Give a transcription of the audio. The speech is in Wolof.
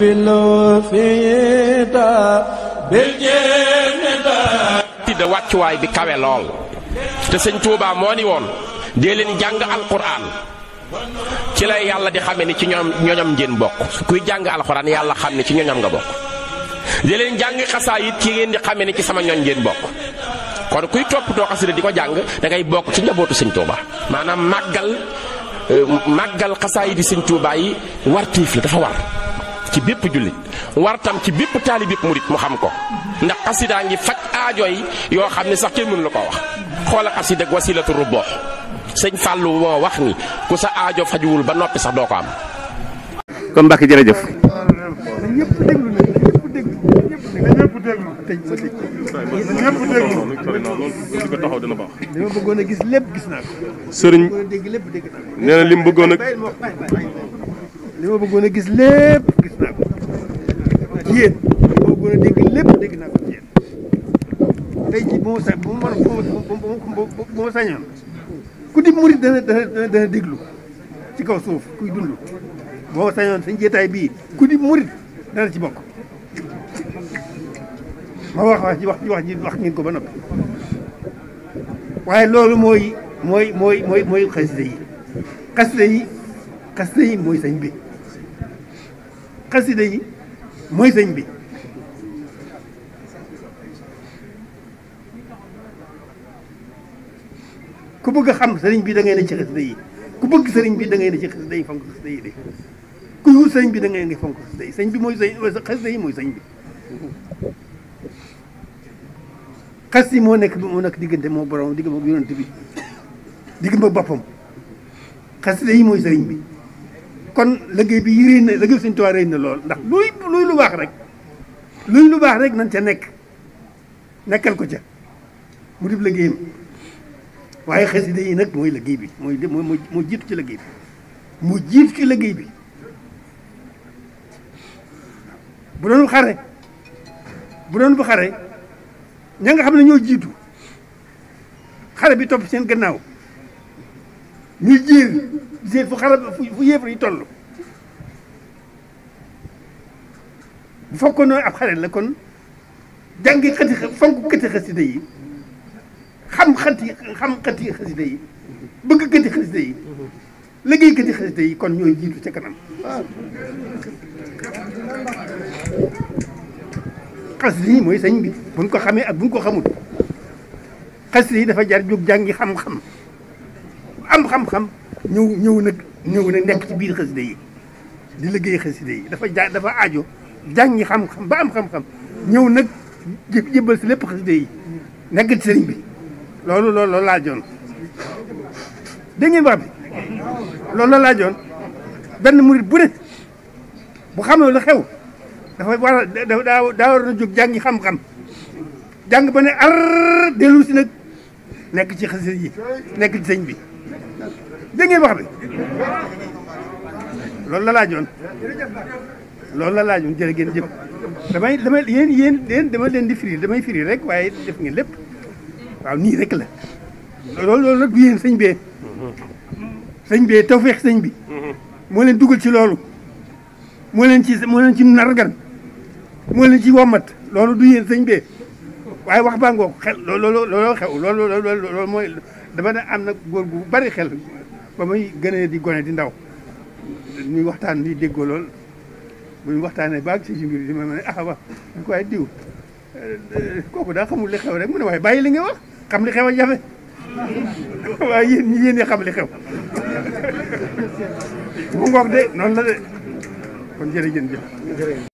de wàccuwaay bi kawe lool te sëñ Touba moo ni woon dee leen jàng alquran ci la yàlla di xame ni ci ñoom ñoñam ngeen bokk kuy jàng alquran yàlla xam ni ci ñoñam nga bokk dee leen jàng xasaayit ci ngeen di xame ni ci sama ñoñ ngeen bokk kon kuy toppatoo xasida di ko jàng dangay bokk ci njabootu sëñ Touba maanaam màggal euh, màggal xasaayit yi sëñ Touba yi wartiif la dafa war ci bépp jullit wartam ci bépp taalibib murit mu xam ko ndax xasidaa ngi faj aajo yi yoo xam ne sax kenn mënu la ko wax xoola xasida ak wasilatu ruboox sëñ Fàllu moo wax ni ku sa aajo fajuwul ba noppi sax doo ko am kon Mbàkke jërëjëf li ma a gis lépp gis sëriñ nee na li mu li ma a gis lépp gis naa ko. yéen moo gën a dégg lépp dégg naa ko ci yéen tey jii bu ma sa bu ma bu ma sañoon ku di murit déglu ci kaw suuf kuy dund boo sañoon sañ jéetaay murit dana ci bokk ma wax wax ci wax ci wax ji wax ngeen ko ba noppi waaye loolu mooy mooy mooy mooy mooy xasida yi xasida yi xasida yi mooy sañ bi xasida yi mooy sëñ bi ku bëgg a xam sëriñ bi da ngay ne ci xasida yi ku bëgg sëriñ bi da ngay ne ci xasida yi fonk xasida yi de ku wut sëriñ bi da ngay ne fonk xasida yi sëñ bi mooy sëñ mooy sañ bi xas yi moo nekk bi moo nekk diggante moo borom digg ma yonent bi digg boppam xasida yi mooy sëriñ bi kon liggéey bi réy na liggéey Sëñ Tuubaa réy na lool ndax luy luy lu baax rek lu baax rek nañ ca nekk nekkal ko ca mu dib liggéeyam waaye xasida yi nag mooy liggéey bi mooy mooy moo jiitu ci liggéey bi moo jiitu ci liggéey bi bu doon xare bu doon bu xare ña ngi xam ne ñoo jiitu xare bi topp seen gannaaw ñuy jéeg jéeg fu xarab fu yéefar yi toll bu fekkoon noonu ab xarit la kon jàngi xati fonk këti xasida yi xam xati xam xati xasida yi bëgg këti xasida yi liggéey yi kon ñooy jiitu ci kanam xasida yi mooy sëñ bi buñ ko xamee ak buñ ko xamut xasida yi dafa jar jóg jàngi xam-xam am xam-xam ñëw ñëw nag ñëw nag nekk ci biir xas yi di liggéey xasida yi dafa ja dafa aajo jàngi xam-xam ba am xam-xam ñëw nag jëbbal si lépp xasida yi nekk ci sëriñ bi loolu loolu loolu laa joon dégg ngeen wax bi loolu loolu laa joon benn murit bu ne bu xamee lu xew dafa war daa daa na jóg jàngi xam-xam jàng ba ne ar dellu si nag nekk ci xasida yi nekk ci sëñ bi dégg ngeen wax loolu la laajoon loolu la laajoon jërë ngeen jëf damay damay yéen yéen yéen dama leen di firi damay firi rek waaye def ngeen lépp waaw nii rek la loolu loolu nag du bee sëñ bee bi moo leen ci loolu moo leen ci moo leen ci nargan ci wommat loolu du yéen sëñ bee waaye wax baa ngoo xel loolu loolu loolu loolu mooy dama ne am na góor gu bari xel ba muy gënee di gone di ndaw ñuy waxtaan di déggoo lool bu waxtaanee baag si si mbir di ma ne ah wax ñu ko waaye diw kooku daa xamul li xew rek mu ne waaye bàyyi li nga wax xam li xew a jafe waaye yéen ñi yéen xam li xew bu ngoog de noonu la de kon jërëjëf jëf